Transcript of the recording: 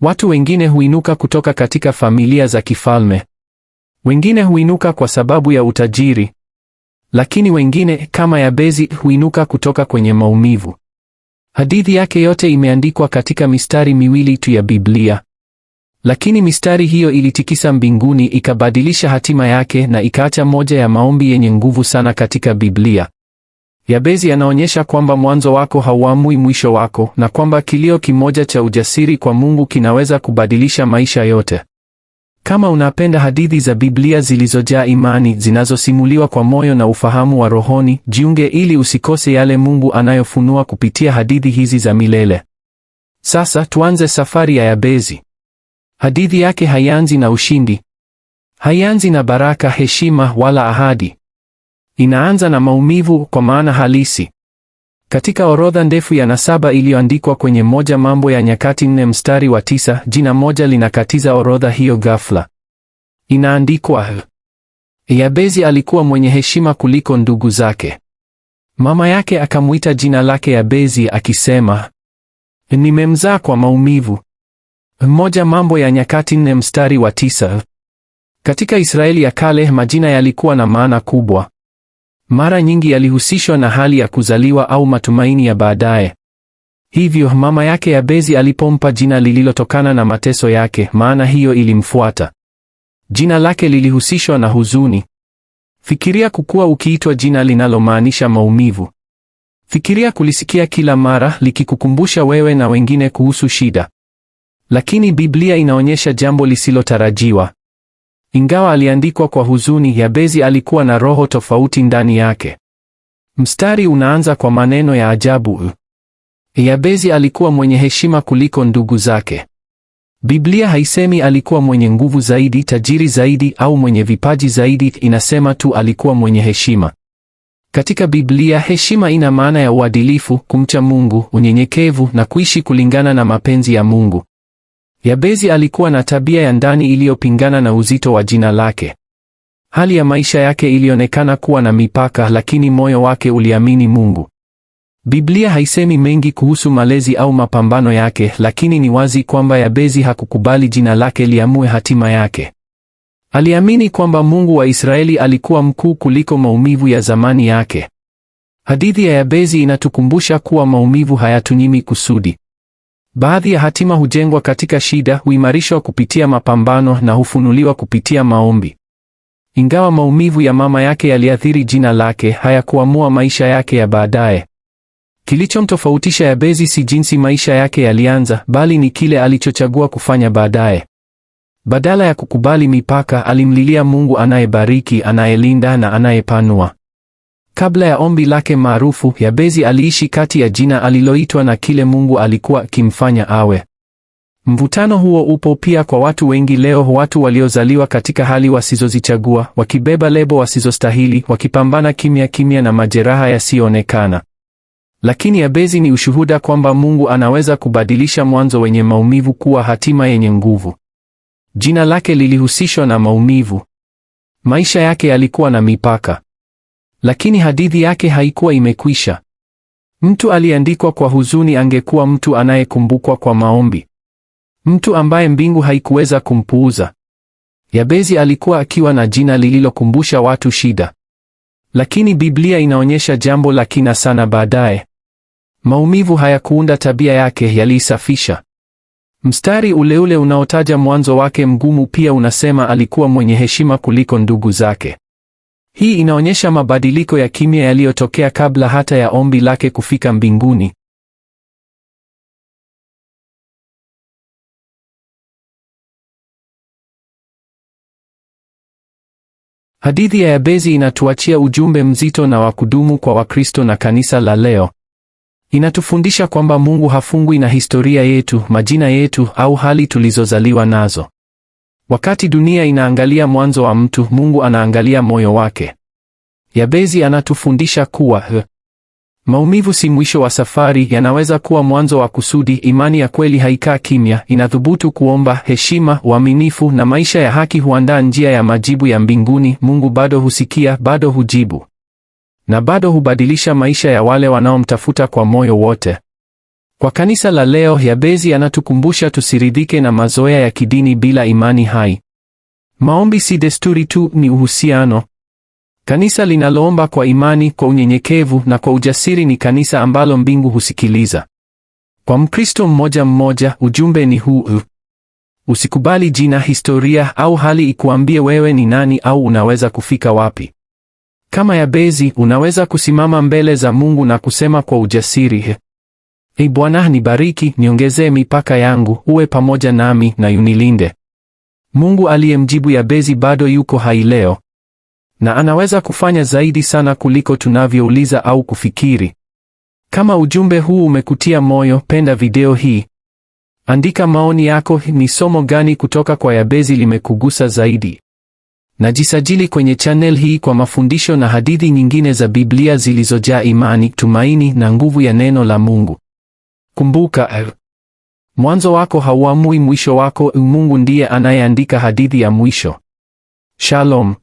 Watu wengine huinuka kutoka katika familia za kifalme. Wengine huinuka kwa sababu ya utajiri. Lakini wengine kama Yabezi huinuka kutoka kwenye maumivu. Hadithi yake yote imeandikwa katika mistari miwili tu ya Biblia. Lakini mistari hiyo ilitikisa mbinguni ikabadilisha hatima yake na ikaacha moja ya maombi yenye nguvu sana katika Biblia. Yabezi anaonyesha kwamba mwanzo wako hauamui mwisho wako na kwamba kilio kimoja cha ujasiri kwa Mungu kinaweza kubadilisha maisha yote. Kama unapenda hadithi za Biblia zilizojaa imani, zinazosimuliwa kwa moyo na ufahamu wa rohoni, jiunge ili usikose yale Mungu anayofunua kupitia hadithi hizi za milele. Sasa tuanze safari ya Yabezi. Hadithi yake haianzi na ushindi. Haianzi na baraka, heshima wala ahadi. Inaanza na maumivu kwa maana halisi. Katika orodha ndefu ya nasaba iliyoandikwa kwenye moja Mambo ya Nyakati nne mstari wa tisa, jina moja linakatiza orodha hiyo ghafla. Inaandikwa, Yabezi alikuwa mwenye heshima kuliko ndugu zake. Mama yake akamwita jina lake Yabezi akisema, nimemzaa kwa maumivu. Moja Mambo ya Nyakati nne mstari wa tisa. Katika Israeli ya kale majina yalikuwa na maana kubwa. Mara nyingi alihusishwa na hali ya kuzaliwa au matumaini ya baadaye. Hivyo mama yake Yabezi alipompa jina lililotokana na mateso yake, maana hiyo ilimfuata. Jina lake lilihusishwa na huzuni. Fikiria kukua ukiitwa jina linalomaanisha maumivu. Fikiria kulisikia kila mara likikukumbusha wewe na wengine kuhusu shida. Lakini Biblia inaonyesha jambo lisilotarajiwa. Ingawa aliandikwa kwa huzuni, Yabezi alikuwa na roho tofauti ndani yake. Mstari unaanza kwa maneno ya ajabu. Yabezi alikuwa mwenye heshima kuliko ndugu zake. Biblia haisemi alikuwa mwenye nguvu zaidi, tajiri zaidi au mwenye vipaji zaidi, inasema tu alikuwa mwenye heshima. Katika Biblia, heshima ina maana ya uadilifu, kumcha Mungu, unyenyekevu na kuishi kulingana na mapenzi ya Mungu. Yabezi alikuwa na tabia ya ndani iliyopingana na uzito wa jina lake. Hali ya maisha yake ilionekana kuwa na mipaka, lakini moyo wake uliamini Mungu. Biblia haisemi mengi kuhusu malezi au mapambano yake, lakini ni wazi kwamba Yabezi hakukubali jina lake liamue hatima yake. Aliamini kwamba Mungu wa Israeli alikuwa mkuu kuliko maumivu ya zamani yake. Hadithi ya Yabezi inatukumbusha kuwa maumivu hayatunyimi kusudi. Baadhi ya hatima hujengwa katika shida, huimarishwa kupitia mapambano na hufunuliwa kupitia maombi. Ingawa maumivu ya mama yake yaliathiri jina lake, hayakuamua maisha yake ya baadaye. Kilichomtofautisha Yabezi si jinsi maisha yake yalianza, bali ni kile alichochagua kufanya baadaye. Badala ya kukubali mipaka, alimlilia Mungu anayebariki, anayelinda na anayepanua. Kabla ya ombi lake maarufu, Yabezi aliishi kati ya jina aliloitwa na kile Mungu alikuwa akimfanya awe. Mvutano huo upo pia kwa watu wengi leo, watu waliozaliwa katika hali wasizozichagua, wakibeba lebo wasizostahili, wakipambana kimya kimya na majeraha yasiyoonekana. Lakini Yabezi ni ushuhuda kwamba Mungu anaweza kubadilisha mwanzo wenye maumivu kuwa hatima yenye nguvu. Jina lake lilihusishwa na maumivu. Maisha yake yalikuwa na mipaka. Lakini hadithi yake haikuwa imekwisha. Mtu aliandikwa kwa huzuni angekuwa mtu anayekumbukwa kwa maombi, mtu ambaye mbingu haikuweza kumpuuza. Yabezi alikuwa akiwa na jina lililokumbusha watu shida, lakini Biblia inaonyesha jambo la kina sana baadaye. Maumivu hayakuunda tabia yake, yaliisafisha. Mstari ule ule unaotaja mwanzo wake mgumu pia unasema alikuwa mwenye heshima kuliko ndugu zake. Hii inaonyesha mabadiliko ya kimya yaliyotokea kabla hata ya ombi lake kufika mbinguni. Hadithi ya Yabezi inatuachia ujumbe mzito na wa kudumu kwa Wakristo na kanisa la leo. Inatufundisha kwamba Mungu hafungwi na historia yetu, majina yetu au hali tulizozaliwa nazo. Wakati dunia inaangalia mwanzo wa mtu, Mungu anaangalia moyo wake. Yabezi anatufundisha kuwa he. maumivu si mwisho wa safari, yanaweza kuwa mwanzo wa kusudi. Imani ya kweli haikaa kimya, inathubutu kuomba. Heshima, uaminifu na maisha ya haki huandaa njia ya majibu ya mbinguni. Mungu bado husikia, bado hujibu na bado hubadilisha maisha ya wale wanaomtafuta kwa moyo wote. Kwa kanisa la leo, Yabezi anatukumbusha tusiridhike na mazoea ya kidini bila imani hai. Maombi si desturi tu, ni uhusiano. Kanisa linaloomba kwa imani, kwa unyenyekevu na kwa ujasiri ni kanisa ambalo mbingu husikiliza. Kwa Mkristo mmoja mmoja, ujumbe ni huu: usikubali jina, historia au hali ikuambie wewe ni nani au unaweza kufika wapi. Kama Yabezi, unaweza kusimama mbele za Mungu na kusema kwa ujasiri, Ee Bwana, nibariki, niongezee mipaka yangu, uwe pamoja nami na yunilinde. Mungu aliyemjibu Yabezi bado yuko hai leo na anaweza kufanya zaidi sana kuliko tunavyouliza au kufikiri. Kama ujumbe huu umekutia moyo, penda video hii, andika maoni yako. Ni somo gani kutoka kwa Yabezi limekugusa zaidi? Na jisajili kwenye channel hii kwa mafundisho na hadithi nyingine za Biblia zilizojaa imani, tumaini na nguvu ya neno la Mungu. Kumbuka, eh, mwanzo wako hauamui mwisho wako. Mungu ndiye anayeandika hadithi ya mwisho. Shalom.